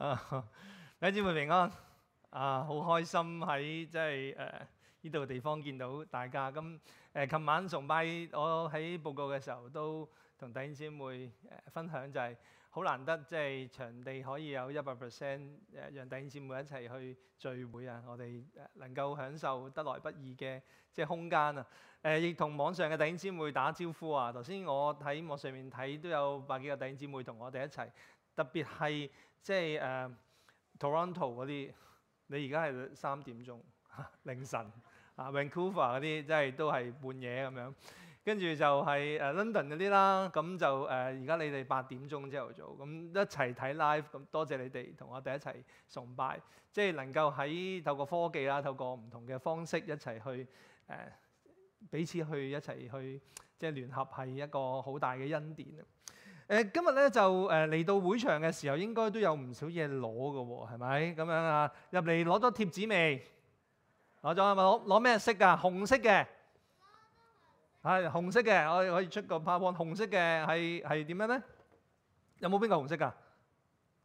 啊！弟兄姊妹平安啊！好開心喺即係誒呢度地方見到大家。咁、嗯、誒，琴、呃、晚崇拜我喺報告嘅時候都同弟兄姊妹誒分享，就係好難得即係場地可以有一百 percent 誒，讓弟兄姊妹一齊去聚會啊！我哋能夠享受得來不易嘅即係空間啊！誒、呃，亦同網上嘅弟兄姊妹打招呼啊！頭先我喺網上面睇都有百幾個弟兄姊妹同我哋一齊，特別係，即係誒、uh, Toronto 嗰啲，你而家係三點鐘 凌晨啊，Vancouver 嗰啲即係都係半夜咁樣，跟住就係、是、誒、uh, London 嗰啲啦，咁就誒而家你哋八點鐘朝頭早，咁一齊睇 live，咁多謝你哋同我哋一齊崇拜，即係能夠喺透過科技啦，透過唔同嘅方式一齊去誒、uh, 彼此去一齊去即係、就是、聯合，係一個好大嘅恩典。誒今日咧就誒嚟到會場嘅時候應該都有唔少嘢攞㗎喎，係咪咁樣啊？入嚟攞咗貼紙未？攞咗，係咪攞攞，咩色㗎？紅色嘅，係紅色嘅，我可以出個拍波，紅色嘅係係點樣咧？有冇邊個紅色㗎？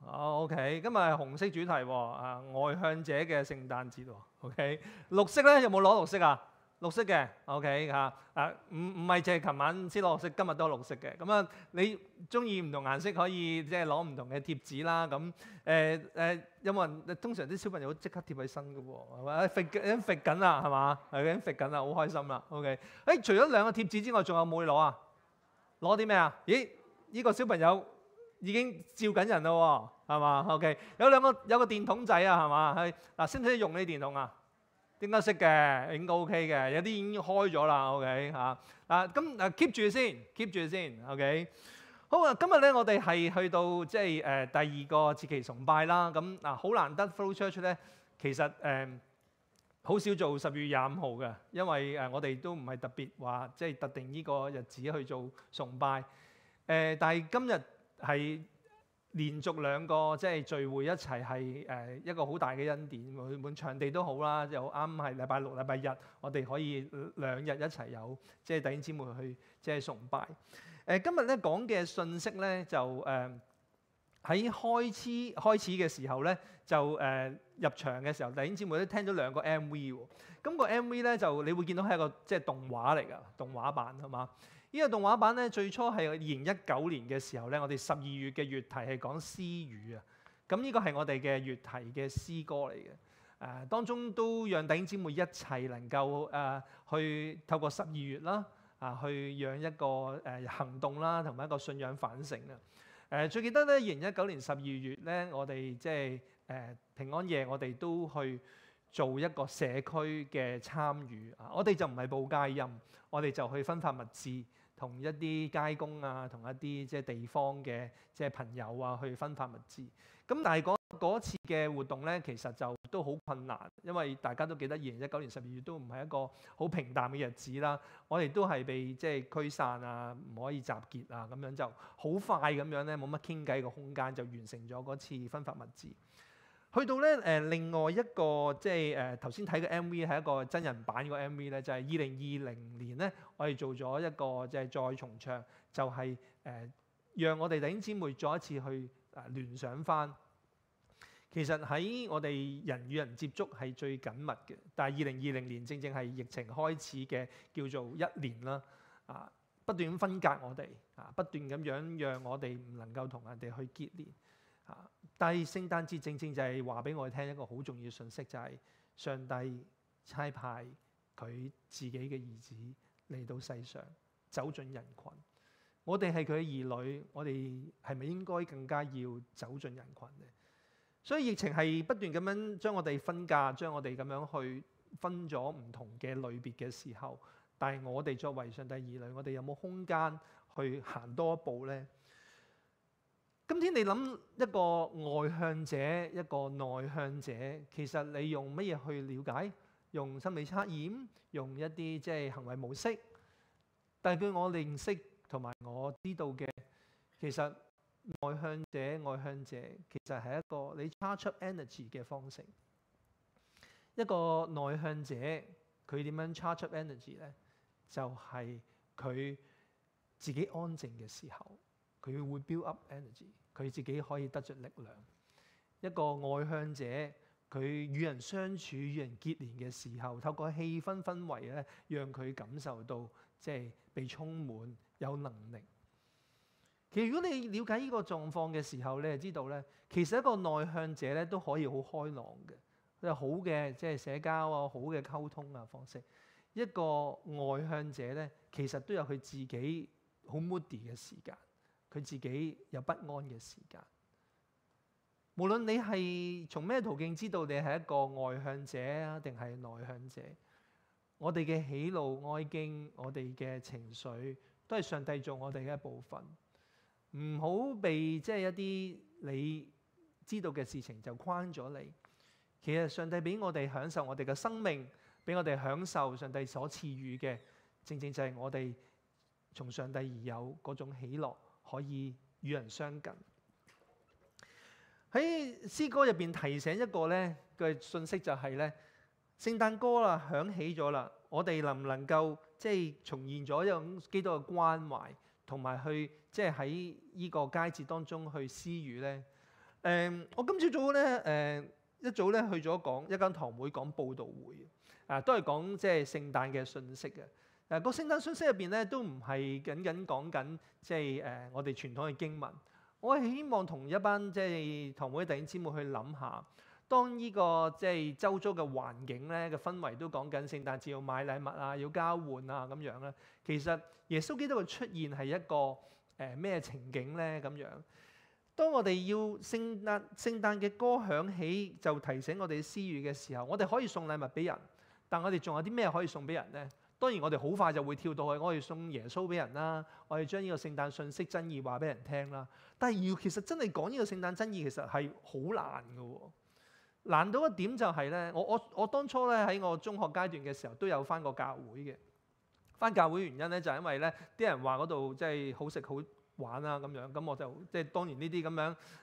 哦，OK，今日係紅色主題喎，啊外向者嘅聖誕節喎，OK，綠色咧，有冇攞綠色啊？綠色嘅，OK 嚇，啊唔唔係淨係琴晚先攞綠色，今日都綠色嘅。咁啊，你中意唔同顏色可以即係攞唔同嘅貼紙啦。咁誒誒，有冇人通常啲小朋友即刻貼起身嘅喎，係嘛？已經貼緊啦，係嘛？係已經貼緊啦，好開心啦。OK，誒除咗兩個貼紙之外，仲有冇攞啊？攞啲咩啊？咦，呢個小朋友已經照緊人咯，係嘛？OK，有兩個有個電筒仔啊，係嘛？係嗱，使唔使用呢啲電筒啊？應該識嘅，應該 OK 嘅，有啲已經開咗啦，OK 嚇。嗱咁，嗱 keep 住先，keep 住先，OK。好啊，今日咧我哋係去到即係誒第二個節期崇拜啦。咁啊，好難得，Flow Church 咧，其實誒好少做十二月廿五號嘅，因為誒我哋都唔係特別話即係特定呢個日子去做崇拜。誒，但係今日係。連續兩個即係聚會一齊係誒一個好大嘅恩典，滿場地都好啦，又啱係禮拜六禮拜日，我哋可以兩日一齊有即係弟兄姊妹去即係崇拜。誒、呃、今日咧講嘅信息咧就誒喺、呃、開始開始嘅時候咧就誒、呃、入場嘅時候，弟兄姊妹都聽咗兩個 MV 喎。咁個 MV 咧就你會見到係一個即係動畫嚟㗎，動畫版係嘛？呢個動畫版咧，最初係二零一九年嘅時候咧，我哋十二月嘅月題係講詩語啊。咁呢個係我哋嘅月題嘅詩歌嚟嘅。誒，當中都讓弟兄姊妹一齊能夠誒、呃、去透過十二月啦，啊，去養一個誒行動啦，同埋一個信仰反省啊。誒、呃，最記得咧，二零一九年十二月咧，我哋即係誒平安夜，我哋都去做一個社區嘅參與啊。我哋就唔係報佳音，我哋就去分發物資。同一啲街工啊，同一啲即係地方嘅即係朋友啊，去分發物資。咁但係嗰次嘅活動咧，其實就都好困難，因為大家都記得二零一九年十二月都唔係一個好平淡嘅日子啦。我哋都係被即係驅散啊，唔可以集結啊，咁樣就好快咁樣咧，冇乜傾偈嘅空間，就完成咗嗰次分發物資。去到咧誒、呃，另外一個即係誒頭先睇嘅 MV 係一個真人版嘅 MV 咧，就係二零二零年咧。我哋做咗一個即係再重唱，就係誒，讓我哋弟兄姊妹再一次去聯想返。其實喺我哋人與人接觸係最緊密嘅，但係二零二零年正正係疫情開始嘅叫做一年啦。啊，不斷分隔我哋啊，不斷咁樣讓我哋唔能夠同人哋去結連啊。但係聖誕節正正就係話俾我哋聽一個好重要嘅信息，就係、是、上帝差派佢自己嘅兒子。嚟到世上，走進人群，我哋係佢嘅兒女，我哋係咪應該更加要走進人群呢？所以疫情係不斷咁樣將我哋分隔，將我哋咁樣去分咗唔同嘅類別嘅時候，但係我哋作為上帝兒女，我哋有冇空間去行多一步呢？今天你諗一個外向者，一個內向者，其實你用乜嘢去了解？用心理測驗，用一啲即係行為模式，但係據我認識同埋我知道嘅，其實內向者、外向者其實係一個你 charge up energy 嘅方式。一個內向者佢點樣 charge up energy 呢？就係佢自己安靜嘅時候，佢會 build up energy，佢自己可以得出力量。一個外向者。佢與人相處、與人結連嘅時候，透過氣氛氛圍咧，讓佢感受到即係被充滿有能力。其實如果你了解呢個狀況嘅時候，你就知道咧，其實一個內向者咧都可以好開朗嘅，有、就是、好嘅即係社交啊、好嘅溝通啊方式。一個外向者咧，其實都有佢自己好 moody 嘅時間，佢自己有不安嘅時間。無論你係從咩途徑知道你係一個外向者啊，定係內向者，我哋嘅喜怒哀驚，我哋嘅情緒，都係上帝造我哋嘅一部分。唔好被即係一啲你知道嘅事情就框咗你。其實上帝俾我哋享受我哋嘅生命，俾我哋享受上帝所賜予嘅，正正就係我哋從上帝而有嗰種喜樂，可以與人相近。喺詩歌入邊提醒一個咧嘅信息就係、是、咧聖誕歌啦響起咗啦，我哋能唔能夠即係重現咗一種基督嘅關懷同埋去即係喺依個佳節當中去施予咧？誒、呃，我今朝早咧誒、呃、一早咧去咗講一間堂會講佈道會啊，都係講即係聖誕嘅信息嘅。嗱、啊、個聖誕信息入邊咧都唔係僅僅講緊即係誒我哋傳統嘅經文。我係希望同一班即係堂會、弟兄姊妹去諗下，當呢、這個即係周遭嘅環境咧嘅氛圍都講緊聖誕節要買禮物啊，要交換啊咁樣咧。其實耶穌基督嘅出現係一個誒咩、呃、情景咧咁樣？當我哋要聖誕聖誕嘅歌響起，就提醒我哋施予嘅時候，我哋可以送禮物俾人，但我哋仲有啲咩可以送俾人咧？當然，我哋好快就會跳到去，我哋送耶穌俾人啦，我哋將呢個聖誕訊息真義話俾人聽啦。但係要其實真係講呢個聖誕真義，其實係好難嘅喎。難到一點就係、是、咧，我我我當初咧喺我中學階段嘅時候都有返過教會嘅。返教會原因咧就係因為咧啲人話嗰度即係好食好玩啊咁樣，咁我就即係當然呢啲咁樣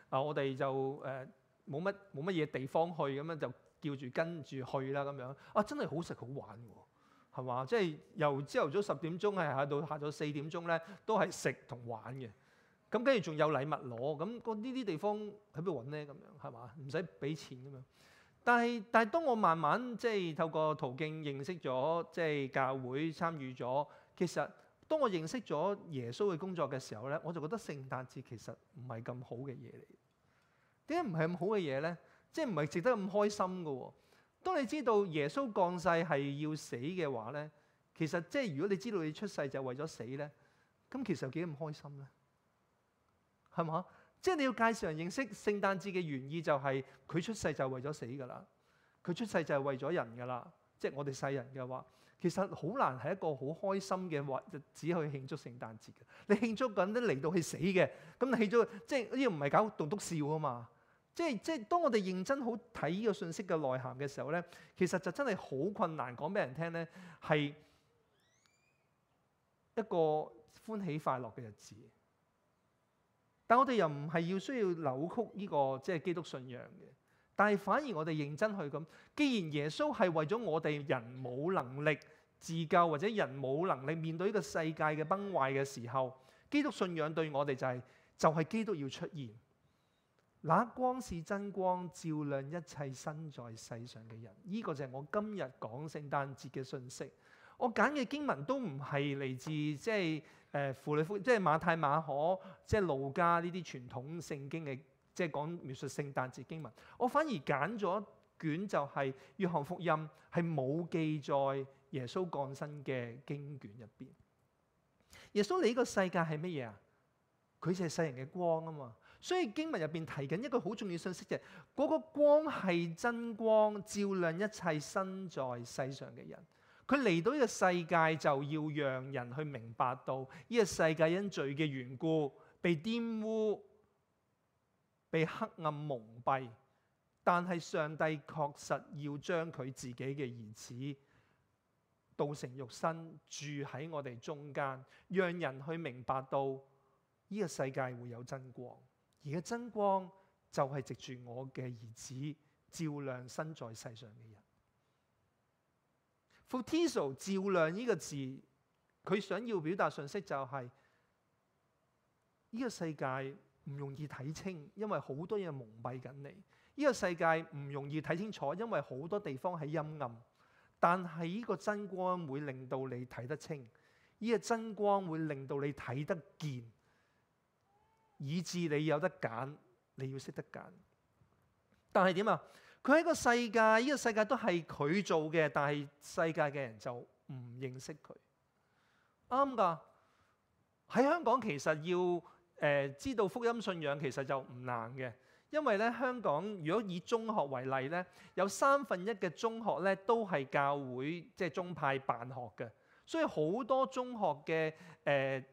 啊，我哋就誒冇乜冇乜嘢地方去咁樣就叫住跟住去啦咁樣啊，真係好食好玩喎。係嘛？即係由朝頭早十點鐘係下到下晝四點鐘咧，都係食同玩嘅。咁跟住仲有禮物攞。咁個呢啲地方喺邊度揾咧？咁樣係嘛？唔使俾錢咁樣。但係但係，當我慢慢即係透過途徑認識咗，即係教會參與咗。其實當我認識咗耶穌嘅工作嘅時候咧，我就覺得聖誕節其實唔係咁好嘅嘢嚟。點解唔係咁好嘅嘢咧？即係唔係值得咁開心㗎喎？當你知道耶穌降世係要死嘅話咧，其實即係如果你知道你出世就係為咗死咧，咁其實有幾咁開心咧？係嘛？即係你要介紹人認識聖誕節嘅原意就係佢出世就係為咗死㗎啦，佢出世就係為咗人㗎啦。即係我哋世人嘅話，其實好難係一個好開心嘅話，就只可以慶祝聖誕節嘅。你慶祝緊啲嚟到去死嘅，咁你慶祝即係呢個唔係搞棟篤笑啊嘛？即係即係，當我哋認真好睇呢個信息嘅內涵嘅時候咧，其實就真係好困難講俾人聽咧，係一個歡喜快樂嘅日子。但我哋又唔係要需要扭曲呢個即係基督信仰嘅，但係反而我哋認真去咁，既然耶穌係為咗我哋人冇能力自救或者人冇能力面對呢個世界嘅崩壞嘅時候，基督信仰對我哋就係就係基督要出現。那光是真光，照亮一切身在世上嘅人。呢、這個就係我今日講聖誕節嘅信息。我揀嘅經文都唔係嚟自即係誒，符類福音即係馬太、馬可、即係路加呢啲傳統聖經嘅，即係講描述聖誕節經文。我反而揀咗卷就係約翰福音，係冇記載耶穌降生嘅經卷入邊。耶穌，你呢個世界係乜嘢啊？佢就係世人嘅光啊嘛。所以經文入邊提緊一個好重要信息，嘅，係嗰個光係真光，照亮一切身在世上嘅人。佢嚟到呢個世界，就要讓人去明白到呢個世界因罪嘅緣故被玷污、被黑暗蒙蔽。但係上帝確實要將佢自己嘅兒子道成肉身，住喺我哋中間，讓人去明白到呢個世界會有真光。而嘅真光就係藉住我嘅兒子照亮身在世上嘅人。Fotizo 照亮呢個字，佢想要表達信息就係、是：呢、這個世界唔容易睇清，因為好多嘢蒙蔽緊你；呢、這個世界唔容易睇清楚，因為好多地方係陰暗。但係呢個真光會令到你睇得清，呢、這個真光會令到你睇得見。以至你有得揀，你要識得揀。但係點啊？佢喺個世界，呢、這個世界都係佢做嘅，但係世界嘅人就唔認識佢，啱噶。喺香港其實要誒、呃、知道福音信仰，其實就唔難嘅，因為咧香港如果以中學為例咧，有三分一嘅中學咧都係教會即係、就是、宗派辦學嘅，所以好多中學嘅誒。呃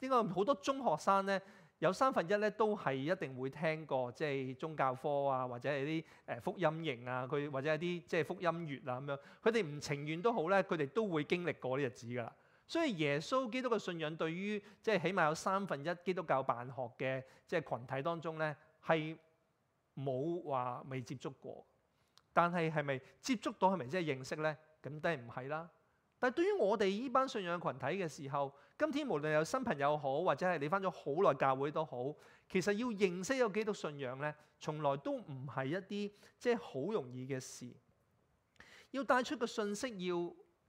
應該好多中學生咧，有三分一咧都係一定會聽過即係宗教科啊，或者係啲誒福音營啊，佢或者係啲即係福音月啊咁樣。佢哋唔情願都好咧，佢哋都會經歷過呢日子㗎喇。所以耶穌基督嘅信仰對於即係起碼有三分一基督教辦學嘅即係群體當中咧，係冇話未接觸過。但係係咪接觸到係咪即係認識咧？咁梗係唔係啦？但對於我哋呢班信仰群體嘅時候，今天無論有新朋友好，或者係你翻咗好耐教會都好，其實要認識有幾多信仰呢，從來都唔係一啲即係好容易嘅事。要帶出個信息，要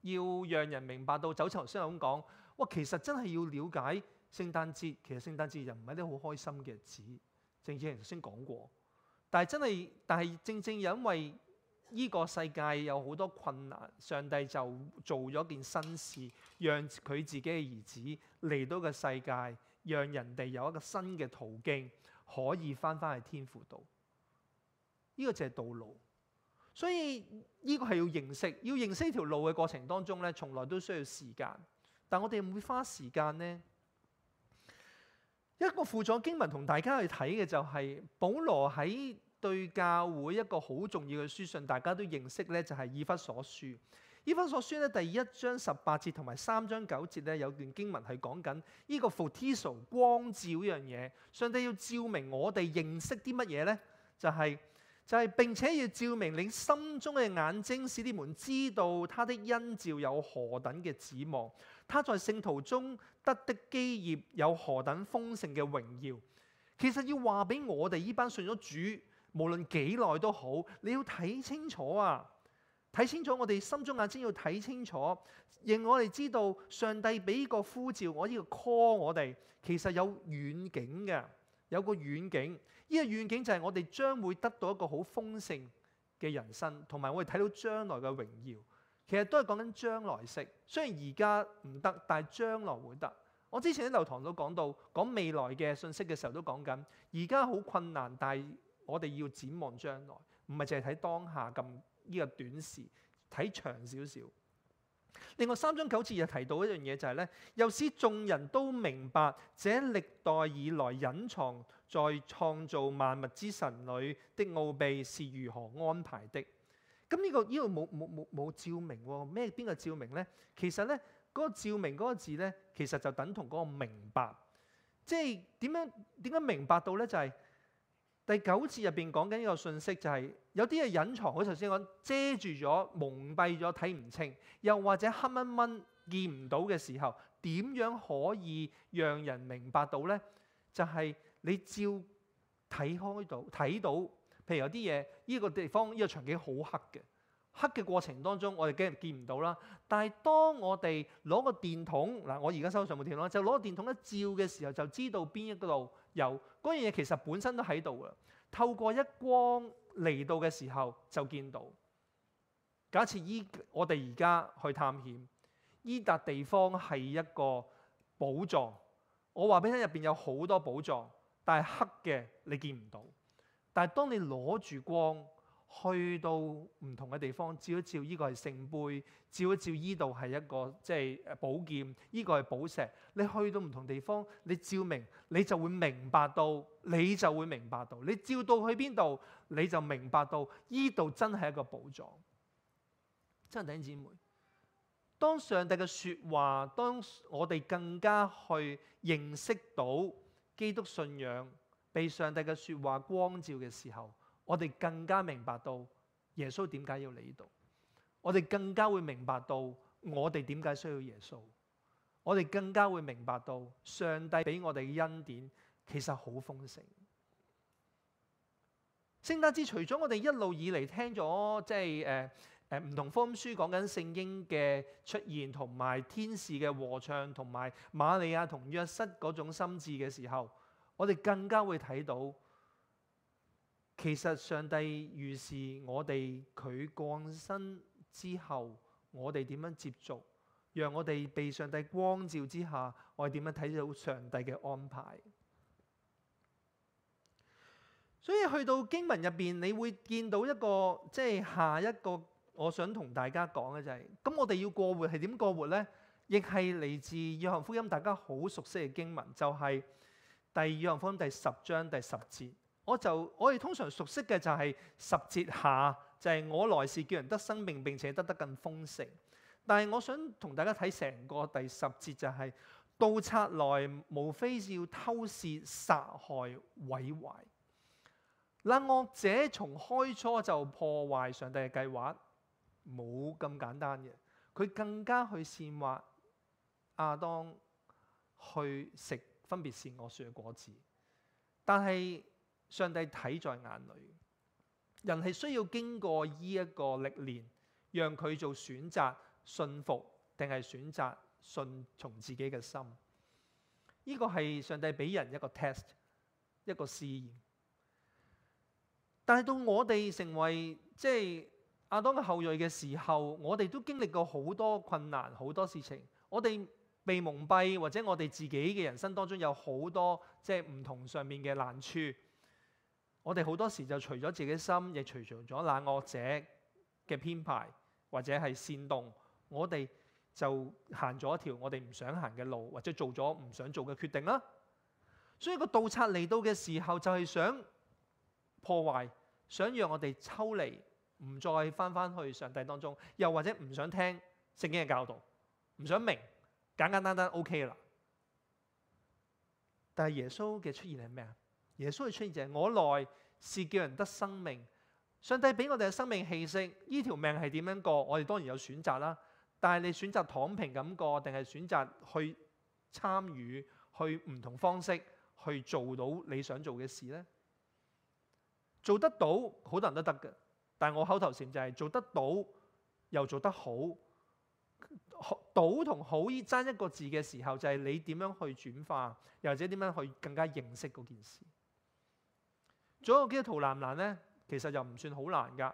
要讓人明白到，就似頭先咁講，哇，其實真係要了解聖誕節，其實聖誕節又唔係啲好開心嘅日子。正如頭先講過，但係真係，但係正，正正因為。呢個世界有好多困難，上帝就做咗件新事，讓佢自己嘅兒子嚟到個世界，讓人哋有一個新嘅途徑可以翻翻去天父度。呢個就係道路，所以呢個係要認識，要認識依條路嘅過程當中呢，從來都需要時間。但我哋唔會花時間呢。一個輔助經文同大家去睇嘅就係保羅喺。對教會一個好重要嘅書信，大家都認識呢，就係、是《以弗所書》。《以弗所書》呢，第一章十八節同埋三章九節呢，有段經文係講緊呢個福提索光照依樣嘢。上帝要照明我哋認識啲乜嘢呢？就係、是、就係、是、並且要照明你心中嘅眼睛，使你們知道他的恩召有何等嘅指望，他在聖徒中得的基業有何等豐盛嘅榮耀。其實要話俾我哋依班信咗主，無論幾耐都好，你要睇清楚啊！睇清楚，我哋心中眼睛要睇清楚，令我哋知道上帝俾個呼召，我、這、呢個 call 我哋其實有遠景嘅，有個遠景。呢、這個遠景就係我哋將會得到一個好豐盛嘅人生，同埋我哋睇到將來嘅榮耀。其實都係講緊將來式，雖然而家唔得，但係將來會得。我之前喺流堂都講到，講未來嘅信息嘅時候都講緊，而家好困難，但係。我哋要展望將來，唔係淨係睇當下咁呢個短視，睇長少少。另外三章九節又提到一樣嘢，就是，就係咧，又 使眾人都明白這歷代以來隱藏在創造萬物之神裏的奧秘是如何安排的。咁呢、嗯這個呢、這個冇冇冇冇照明喎，哦？咩邊個照明咧？其實咧，嗰、那個照明嗰個字咧，其實就等同嗰個明白，即係點樣點樣明白到咧？就係、是。第九節入邊講緊呢個信息、就是，就係有啲嘢隱藏，好似頭先講遮住咗、蒙蔽咗、睇唔清，又或者黑掹掹見唔到嘅時候，點樣可以讓人明白到呢？就係、是、你照睇開到睇到，譬如有啲嘢呢個地方呢、呢個場景好黑嘅，黑嘅過程當中我哋驚見唔到啦。但係當我哋攞個電筒嗱，我而家收上部電筒，就攞個電筒一照嘅時候，就知道邊一度。有嗰樣嘢其實本身都喺度嘅，透過一光嚟到嘅時候，就見到。假設依我哋而家去探險，呢笪地方係一個寶藏，我話俾你聽入邊有好多寶藏，但係黑嘅你見唔到。但係當你攞住光，去到唔同嘅地方，照一照依個係聖杯，照一照依度係一個即係誒寶劍，依個係寶石。你去到唔同地方，你照明你就會明白到，你就會明白到。你照到去邊度，你就明白到依度真係一個寶藏。真係弟兄姊妹，當上帝嘅說話，當我哋更加去認識到基督信仰被上帝嘅說話光照嘅時候。我哋更加明白到耶穌點解要嚟呢度，我哋更加會明白到我哋點解需要耶穌，我哋更加會明白到上帝俾我哋嘅恩典其實好豐盛。聖誕節除咗我哋一路以嚟聽咗即係誒誒唔同福音書講緊聖經嘅出現同埋天使嘅和唱同埋瑪利亞同約瑟嗰種心智嘅時候，我哋更加會睇到。其實上帝預示我哋佢降生之後，我哋點樣接觸，讓我哋被上帝光照之下，我哋點樣睇到上帝嘅安排。所以去到經文入邊，你會見到一個即係下一個，我想同大家講嘅就係、是，咁我哋要過活係點過活呢？亦係嚟自約翰福音大家好熟悉嘅經文，就係、是、第二約翰福音第十章第十節。我就我哋通常熟悉嘅就係十節下，就係、是、我來是叫人得生命，並且得得更豐盛。但係我想同大家睇成個第十節，就係盜賊來無非是要偷竊、殺害、毀壞。那惡者從開初就破壞上帝嘅計劃，冇咁簡單嘅，佢更加去煽惑亞當去食分別善惡樹嘅果子，但係。上帝睇在眼裏，人係需要經過呢一個歷練，讓佢做選擇，信服定係選擇信從自己嘅心。呢個係上帝俾人一個 test，一個試驗。但係到我哋成為即係亞當嘅後裔嘅時候，我哋都經歷過好多困難、好多事情。我哋被蒙蔽，或者我哋自己嘅人生當中有好多即係唔同上面嘅難處。我哋好多時就除咗自己心，亦除除咗冷惡者嘅編排或者係煽動，我哋就行咗一條我哋唔想行嘅路，或者做咗唔想做嘅決定啦。所以個盜賊嚟到嘅時候，就係、是、想破壞，想讓我哋抽離，唔再返返去上帝當中，又或者唔想聽聖經嘅教導，唔想明，簡簡單單,單 OK 啦。但係耶穌嘅出現係咩啊？耶穌嘅出現就係我來，是叫人得生命。上帝俾我哋嘅生命氣息，呢條命係點樣過？我哋當然有選擇啦。但係你選擇躺平咁過，定係選擇去參與、去唔同方式去做到你想做嘅事呢？做得到好多人都得嘅，但係我口頭禪就係、是、做得到又做得好。到好到同好爭一個字嘅時候，就係、是、你點樣去轉化，又或者點樣去更加認識嗰件事。做一個基督徒難唔難呢？其實又唔算好難㗎。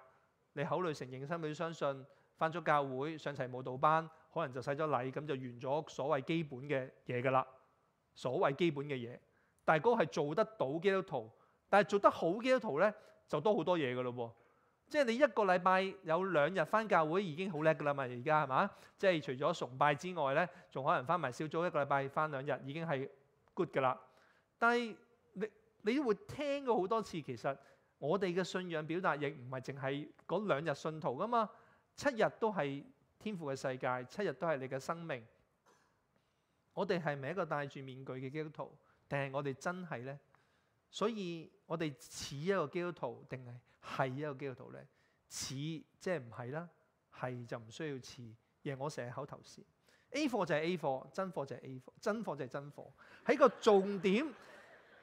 你口裡承認、心裡、相信、返咗教會、上齊慕道班，可能就洗咗禮，咁就完咗所謂基本嘅嘢㗎啦。所謂基本嘅嘢，大哥係做得到基督徒，但係做得好基督徒呢，就多好多嘢㗎咯喎。即係你一個禮拜有兩日返教會已經好叻㗎啦嘛。而家係咪？即係除咗崇拜之外呢，仲可能返埋小組一個禮拜返兩日已經係 good 㗎啦。但係，你都會聽過好多次，其實我哋嘅信仰表達亦唔係淨係嗰兩日信徒㗎嘛，七日都係天父嘅世界，七日都係你嘅生命。我哋係咪一個戴住面具嘅基督徒？定係我哋真係呢？所以我哋似一個基督徒，定係係一個基督徒呢？似即係唔係啦？係就唔需要似。而我成日口頭禪，A 貨就係 A 貨，真貨就係 A 貨，真貨就係真貨。喺個重點。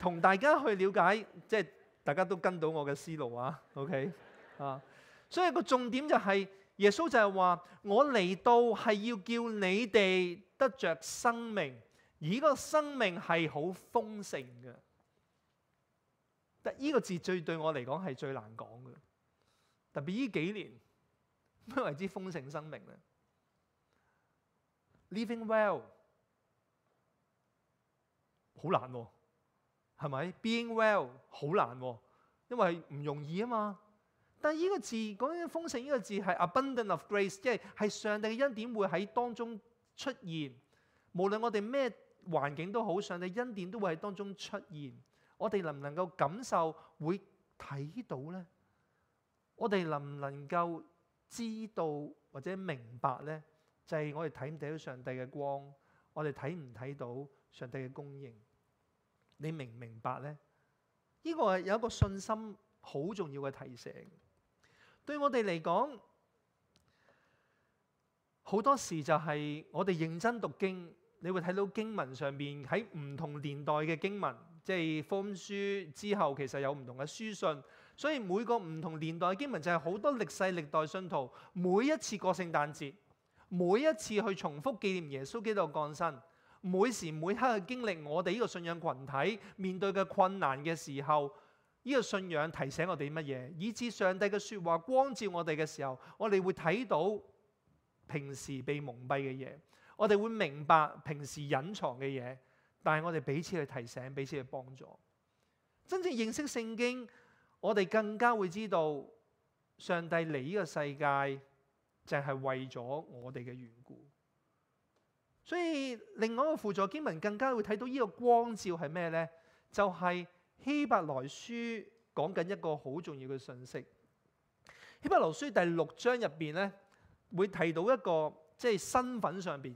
同大家去了解，即係大家都跟到我嘅思路啊。OK 啊， 所以個重點就係、是、耶穌就係話：我嚟到係要叫你哋得着生命，而個生命係好豐盛嘅。但呢個字最對我嚟講係最難講嘅，特別呢幾年咩為之豐盛生命咧？Living well 好難喎、啊。係咪？Being well 好難、喎，因為唔容易啊嘛。但係呢個字講緊豐盛，呢、這個字係 abundance of grace，即係係上帝嘅恩典會喺當中出現。無論我哋咩環境都好，上帝恩典都會喺當中出現。我哋能唔能夠感受、會睇到呢？我哋能唔能夠知道或者明白呢？就係、是、我哋睇唔睇到上帝嘅光？我哋睇唔睇到上帝嘅供應？你明唔明白呢？呢、呢個係有一個信心好重要嘅提醒，對我哋嚟講，好多時就係我哋認真讀經，你會睇到經文上面喺唔同年代嘅經文，即係福音書之後其實有唔同嘅書信，所以每個唔同年代嘅經文就係好多歷世歷代信徒每一次過聖誕節，每一次去重複紀念耶穌基督降生。每時每刻去經歷，我哋呢個信仰群體面對嘅困難嘅時候，呢個信仰提醒我哋乜嘢？以至上帝嘅說話光照我哋嘅時候，我哋會睇到平時被蒙蔽嘅嘢，我哋會明白平時隱藏嘅嘢，但係我哋彼此去提醒，彼此去幫助。真正認識聖經，我哋更加會知道上帝嚟呢個世界淨係為咗我哋嘅緣故。所以另外一個輔助經文更加會睇到呢個光照係咩呢？就係、是、希伯來書講緊一個好重要嘅信息。希伯來書第六章入邊咧，會提到一個即係身份上邊，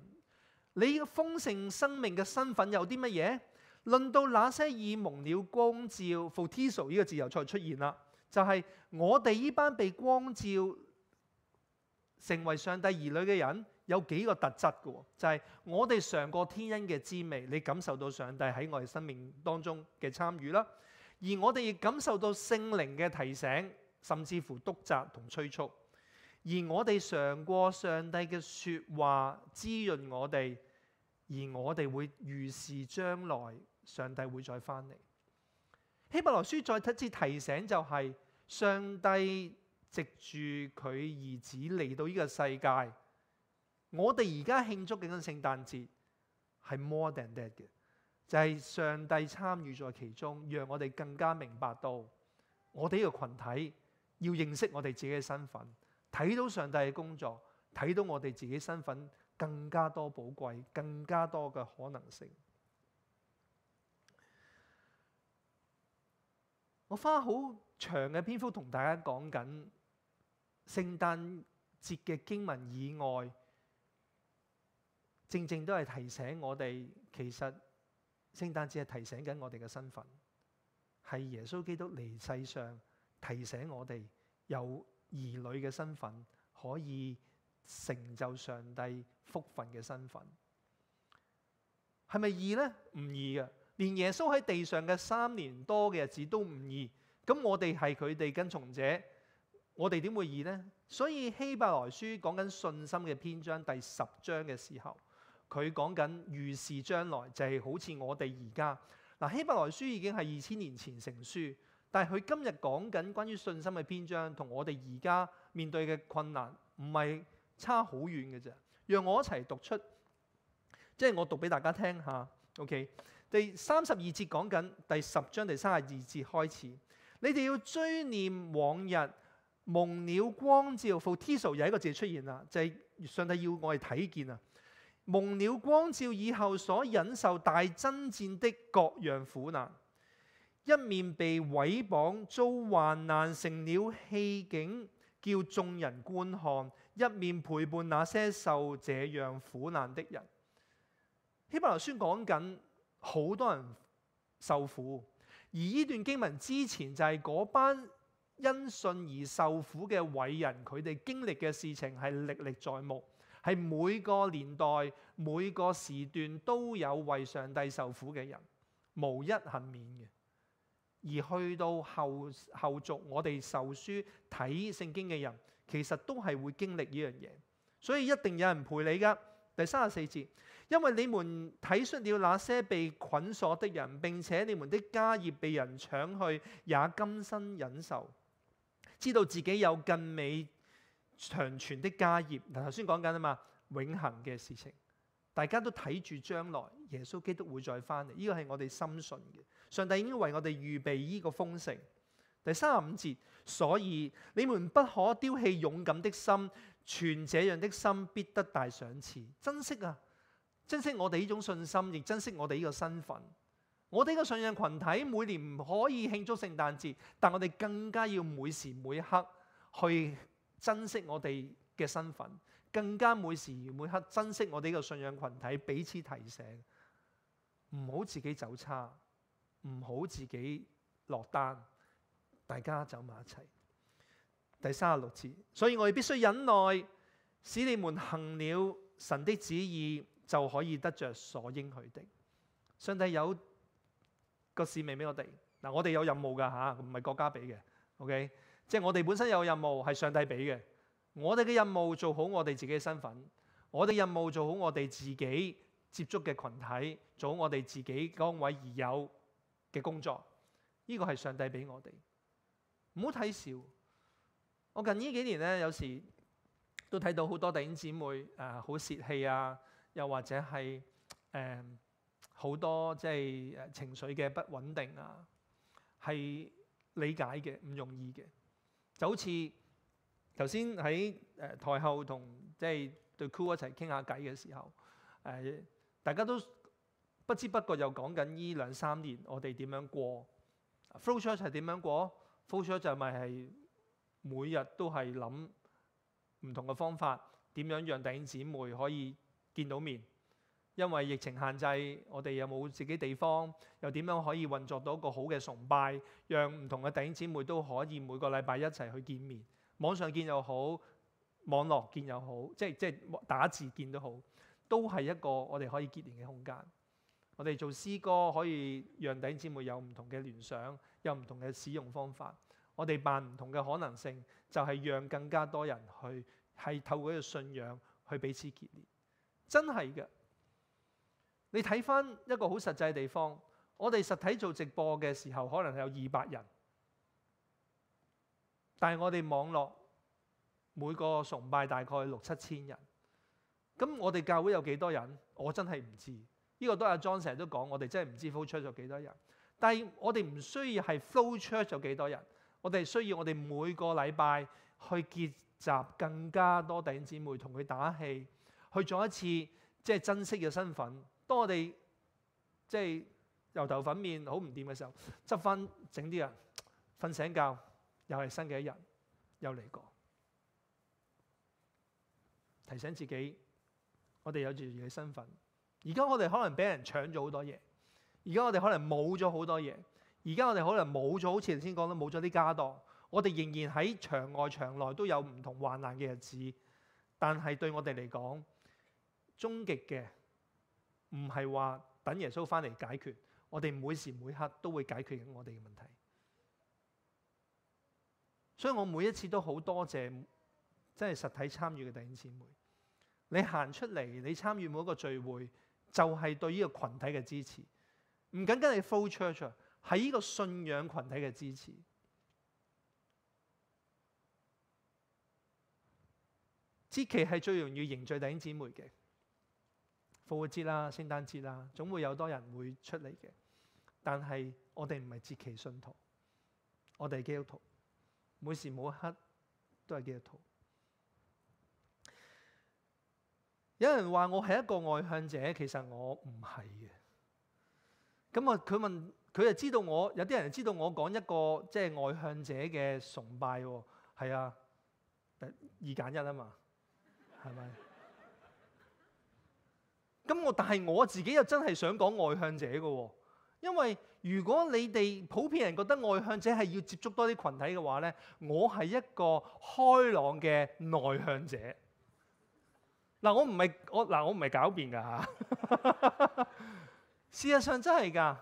你嘅豐盛生命嘅身份有啲乜嘢？論到那些已蒙了光照 f u l tissu 呢個自由才出現啦。就係、是、我哋呢班被光照，成為上帝兒女嘅人，有幾個特質嘅喎，就係我哋嘗過天恩嘅滋味，你感受到上帝喺我哋生命當中嘅參與啦；而我哋亦感受到聖靈嘅提醒，甚至乎督責同催促；而我哋嘗過上帝嘅説話滋潤我哋，而我哋會預示將來上帝會再翻嚟。希伯來書再一次提醒就係上帝藉住佢兒子嚟到呢個世界。我哋而家慶祝嘅呢個聖誕節係 more than that 嘅，就係上帝參與在其中，讓我哋更加明白到我哋呢個群體要認識我哋自己嘅身份，睇到上帝嘅工作，睇到我哋自己身份更加多寶貴、更加多嘅可能性。我花好長嘅篇幅同大家講緊聖誕節嘅經文以外。正正都係提醒我哋，其實聖誕節係提醒緊我哋嘅身份，係耶穌基督嚟世上提醒我哋有兒女嘅身份，可以成就上帝福分嘅身份。係咪易呢？唔易嘅，連耶穌喺地上嘅三年多嘅日子都唔易。咁我哋係佢哋跟從者，我哋點會易呢？所以希伯來書講緊信心嘅篇章第十章嘅時候。佢講緊預示將來就係、是、好似我哋而家嗱希伯來書已經係二千年前成書，但係佢今日講緊關於信心嘅篇章，同我哋而家面對嘅困難唔係差好遠嘅啫。讓我一齊讀出，即係我讀俾大家聽下 OK，第三十二節講緊第十章第三十二節開始，你哋要追念往日蒙了光照。photizo 又一個字出現啦，就係、是、上帝要我哋睇見啊。蒙了光照以後所忍受大爭戰的各樣苦難，一面被毀謗遭患難成了戲景，叫眾人觀看；一面陪伴那些受這樣苦難的人。希伯來書講緊好多人受苦，而呢段經文之前就係嗰班因信而受苦嘅偉人，佢哋經歷嘅事情係歷歷在目。係每個年代、每個時段都有為上帝受苦嘅人，無一幸免嘅。而去到後後續，我哋受書睇聖經嘅人，其實都係會經歷呢樣嘢，所以一定有人陪你噶。第三十四節，因為你們體恤了那些被捆鎖的人，並且你們的家業被人搶去，也甘心忍受，知道自己有更美。長存的家業嗱，頭先講緊啊嘛，永恆嘅事情，大家都睇住將來，耶穌基督會再翻嚟，呢個係我哋深信嘅。上帝已經為我哋預備呢個豐盛。第三十五節，所以你們不可丟棄勇敢的心，存這樣的心，必得大賞賜。珍惜啊，珍惜我哋呢種信心，亦珍惜我哋呢個身份。我哋呢個信仰群體每年唔可以慶祝聖誕節，但我哋更加要每時每刻去。珍惜我哋嘅身份，更加每時每刻珍惜我哋嘅信仰群體，彼此提醒，唔好自己走差，唔好自己落單，大家走埋一齊。第三十六節，所以我哋必須忍耐，使你們行了神的旨意，就可以得着所應許的。上帝有個使命俾我哋，嗱，我哋有任務噶吓，唔係國家俾嘅，OK。即係我哋本身有任務係上帝俾嘅，我哋嘅任務做好我哋自己嘅身份，我哋任務做好我哋自己接觸嘅群體，做好我哋自己崗位而有嘅工作。呢個係上帝俾我哋，唔好睇笑。我近呢幾年呢，有時都睇到好多弟兄姊妹誒，好泄氣啊，又或者係誒好多即係情緒嘅不穩定啊，係理解嘅，唔容易嘅。就好似頭先喺誒台後同即係對 crew 一齊傾下偈嘅時候，誒、呃、大家都不知不覺又講緊依兩三年我哋點樣過，Flowshot 係點樣過？Flowshot 就咪係每日都係諗唔同嘅方法，點樣讓弟兄姊妹可以見到面。因為疫情限制，我哋又冇自己地方，又點樣可以運作到一個好嘅崇拜，讓唔同嘅弟兄姊妹都可以每個禮拜一齊去見面，網上見又好，網絡見又好，即係即係打字見都好，都係一個我哋可以結連嘅空間。我哋做詩歌可以讓弟兄姊妹有唔同嘅聯想，有唔同嘅使用方法。我哋扮唔同嘅可能性，就係讓更加多人去係透過一個信仰去彼此結連，真係嘅。你睇翻一個好實際嘅地方，我哋實體做直播嘅時候，可能係有二百人，但係我哋網絡每個崇拜大概六七千人。咁我哋教會有幾多人？我真係唔知。呢、這個都阿莊成日都講，我哋真係唔知 flow church 有幾多人。但係我哋唔需要係 flow church 有幾多人，我哋需要我哋每個禮拜去結集更加多弟兄姊妹，同佢打氣，去做一次即係、就是、珍惜嘅身份。當我哋即係油頭粉面好唔掂嘅時候，執翻整啲啊，瞓醒覺又係新嘅一日，又嚟過，提醒自己我哋有住自己嘅身份。而家我哋可能俾人搶咗好多嘢，而家我哋可能冇咗好多嘢，而家我哋可能冇咗好似頭先講啦，冇咗啲家當。我哋仍然喺場外場內都有唔同患難嘅日子，但係對我哋嚟講，終極嘅。唔係話等耶穌翻嚟解決，我哋每時每刻都會解決緊我哋嘅問題。所以我每一次都好多謝，真係實體參與嘅弟兄姊妹。你行出嚟，你參與每一個聚會，就係、是、對呢個群體嘅支持。唔僅僅係 full church，係呢個信仰群體嘅支持。節期係最容易凝聚弟兄姊妹嘅。復活節啦、聖誕節啦，總會有多人會出嚟嘅。但係我哋唔係節期信徒，我哋係基督徒，每時每刻都係基督徒。有人話我係一個外向者，其實我唔係嘅。咁啊，佢問佢就知道我有啲人就知道我講一個即係、就是、外向者嘅崇拜喎，係、哦、啊，二揀一啊嘛，係咪？ 咁我但係我自己又真係想講外向者嘅、哦，因為如果你哋普遍人覺得外向者係要接觸多啲群體嘅話咧，我係一個開朗嘅內向者。嗱，我唔係我嗱，我唔係狡辯噶吓，啊， 事實上真係噶，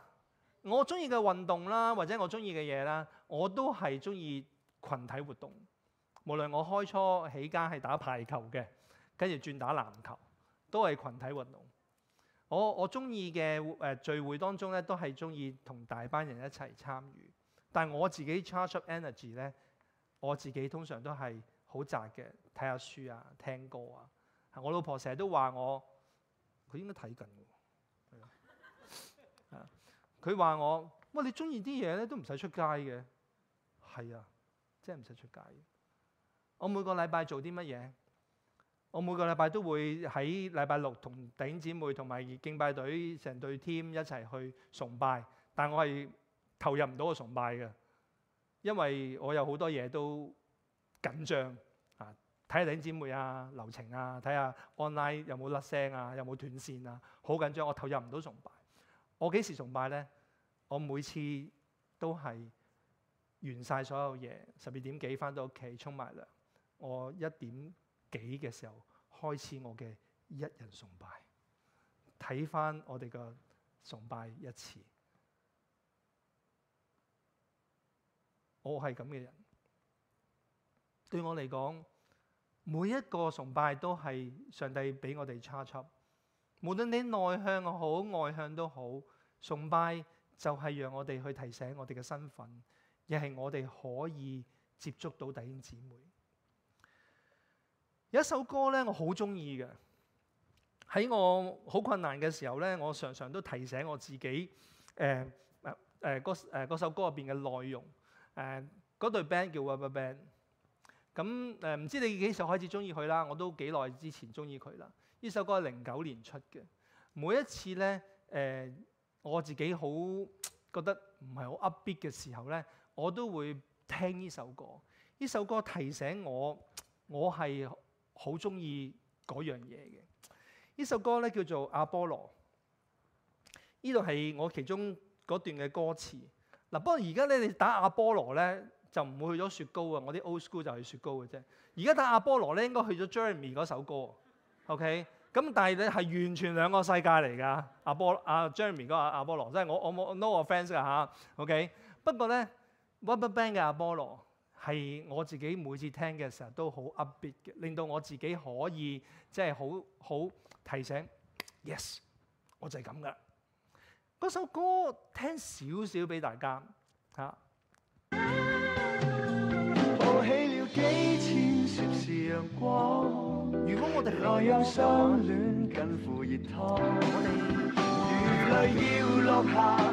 我中意嘅運動啦，或者我中意嘅嘢啦，我都係中意群體活動，無論我開初起間係打排球嘅，跟住轉打籃球，都係群體運動。我我中意嘅誒聚會當中咧，都係中意同大班人一齊參與。但係我自己 charge up energy 咧，我自己通常都係好宅嘅，睇下書啊，聽歌啊。我老婆成日都話我，佢應該睇緊㗎。佢話、啊、 我：，餵！你中意啲嘢咧，都唔使出街嘅。係啊，即係唔使出街。我每個禮拜做啲乜嘢？我每個禮拜都會喺禮拜六同弟兄姊妹同埋敬拜隊成隊 team 一齊去崇拜，但我係投入唔到個崇拜嘅，因為我有好多嘢都緊張啊，睇下弟兄姊妹啊、流程啊、睇下 online 有冇甩聲啊、有冇斷線啊，好緊張，我投入唔到崇拜。我幾時崇拜呢？我每次都係完曬所有嘢，十二點幾返到屋企，沖埋涼，我一點幾嘅時候開始，我嘅一人崇拜，睇翻我哋嘅崇拜一次。我係咁嘅人，對我嚟講，每一個崇拜都係上帝俾我哋 charge。無論你內向又好，外向都好，崇拜就係讓我哋去提醒我哋嘅身份，亦係我哋可以接觸到弟兄姊妹。有一首歌咧，我好中意嘅，喺我好困難嘅時候咧，我常常都提醒我自己。誒、呃、誒，嗰、呃、首歌入邊嘅內容誒，嗰、呃、隊 band 叫 RubberBand。咁誒唔知你幾時開始中意佢啦？我都幾耐之前中意佢啦。呢首歌係零九年出嘅。每一次咧誒、呃，我自己好覺得唔係好 upbeat 嘅時候咧，我都會聽呢首歌。呢首歌提醒我，我係，好中意嗰樣嘢嘅，呢首歌咧叫做《阿波羅》。呢度係我其中嗰段嘅歌詞。嗱、啊，不過而家咧你打《阿波羅》呢咧就唔會去咗雪糕啊！我啲 old school 就係雪糕嘅啫。而家打《阿波羅》呢咧應該去咗 Jeremy 嗰首歌。OK，咁但係咧係完全兩個世界嚟㗎。阿波阿、啊、Jeremy 嗰個阿波羅即係、就是、我我冇 no offence 㗎嚇。OK，不過咧 Rubberband 嘅阿波羅。係我自己每次聽嘅時候都好特別嘅，令到我自己可以即係好好提醒。Yes，我就係咁噶。嗰首歌聽少少俾大家吓，我起了幾千攝氏陽光。如果我哋來相戀近乎熱湯如淚要落下。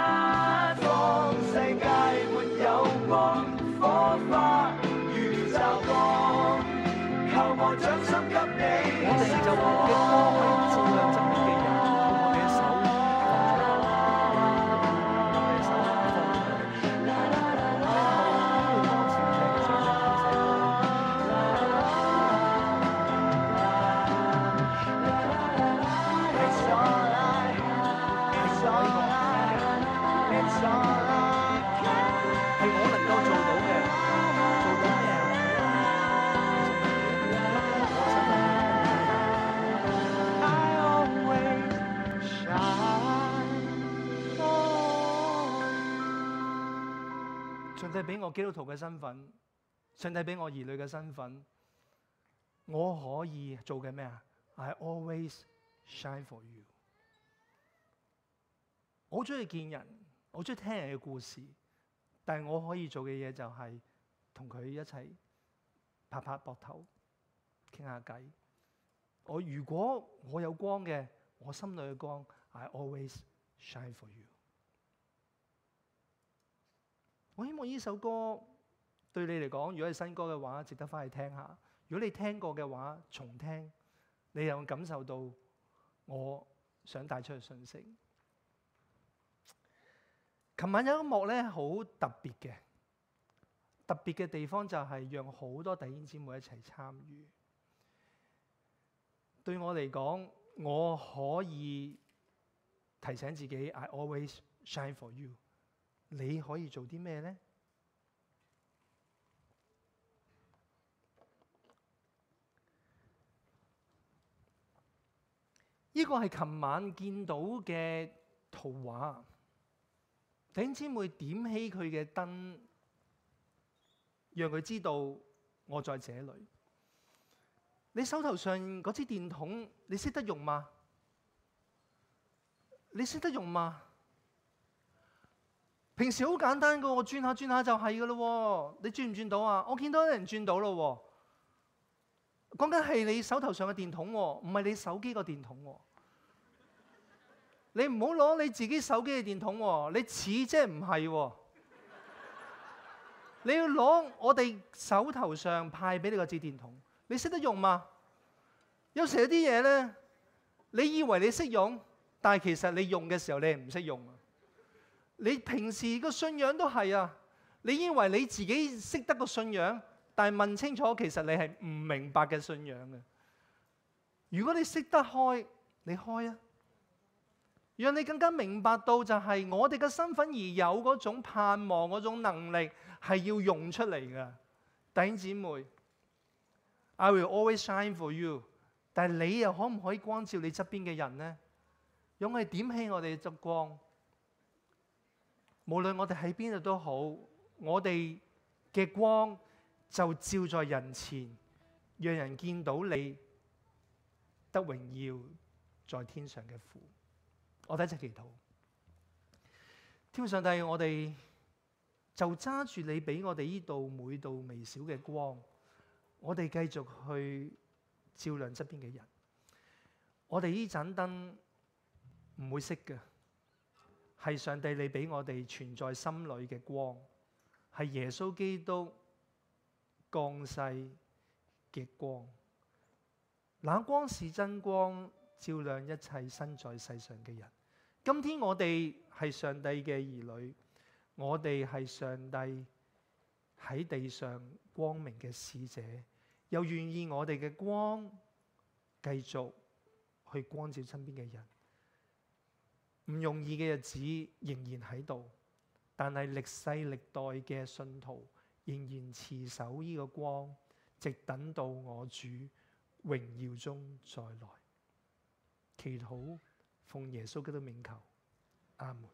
基督徒嘅身份，上帝俾我兒女嘅身份，我可以做嘅咩啊？I always shine for you。我好中意見人，我中意聽人嘅故事，但係我可以做嘅嘢就係同佢一齊拍拍膊頭，傾下偈。我如果我有光嘅，我心裏嘅光，I always shine for you。我希望呢首歌對你嚟講，如果係新歌嘅話，值得翻去聽下。如果你聽過嘅話，重聽，你又會感受到我想帶出嘅信息。琴晚有一幕咧好特別嘅，特別嘅地方就係讓好多弟兄姊妹一齊參與。對我嚟講，我可以提醒自己，I always shine for you。你可以做啲咩呢？呢個係琴晚見到嘅圖畫。弟兄姊妹點起佢嘅燈，讓佢知道我在這裡。你手頭上嗰支電筒，你識得用嗎？你識得用嗎？平時好簡單㗎，我轉下轉下就係㗎咯。你轉唔轉到啊？我見到有人轉到咯。講緊係你手頭上嘅電筒，唔係你手機個電筒。你唔好攞你自己手機嘅電筒。你似即係唔係？你要攞我哋手頭上派俾你個紙電筒。你識得用嘛？有時有啲嘢咧，你以為你識用，但係其實你用嘅時候你係唔識用。你平時個信仰都係啊，你以為你自己識得個信仰，但係問清楚，其實你係唔明白嘅信仰嘅。如果你識得開，你開啊，讓你更加明白到就係、是、我哋嘅身份而有嗰種盼望、嗰種能力係要用出嚟嘅。弟兄姊妹，I will always shine for you。但係你又可唔可以光照你側邊嘅人呢？用勇氣點起我哋嘅燭光。無論我哋喺邊度都好，我哋嘅光就照在人前，讓人見到你得榮耀在天上嘅父。我第一次祈禱，天父上帝，我哋就揸住你俾我哋呢度每度微小嘅光，我哋繼續去照亮側邊嘅人。我哋呢盞燈唔會熄嘅。係上帝你俾我哋存在心裏嘅光，係耶穌基督降世嘅光。那光是真光，照亮一切身在世上嘅人。今天我哋係上帝嘅兒女，我哋係上帝喺地上光明嘅使者，又願意我哋嘅光繼續去光照身邊嘅人。唔容易嘅日子仍然喺度，但係歷世歷代嘅信徒仍然持守呢個光，直等到我主榮耀中再來。祈禱，奉耶穌基督名求，阿門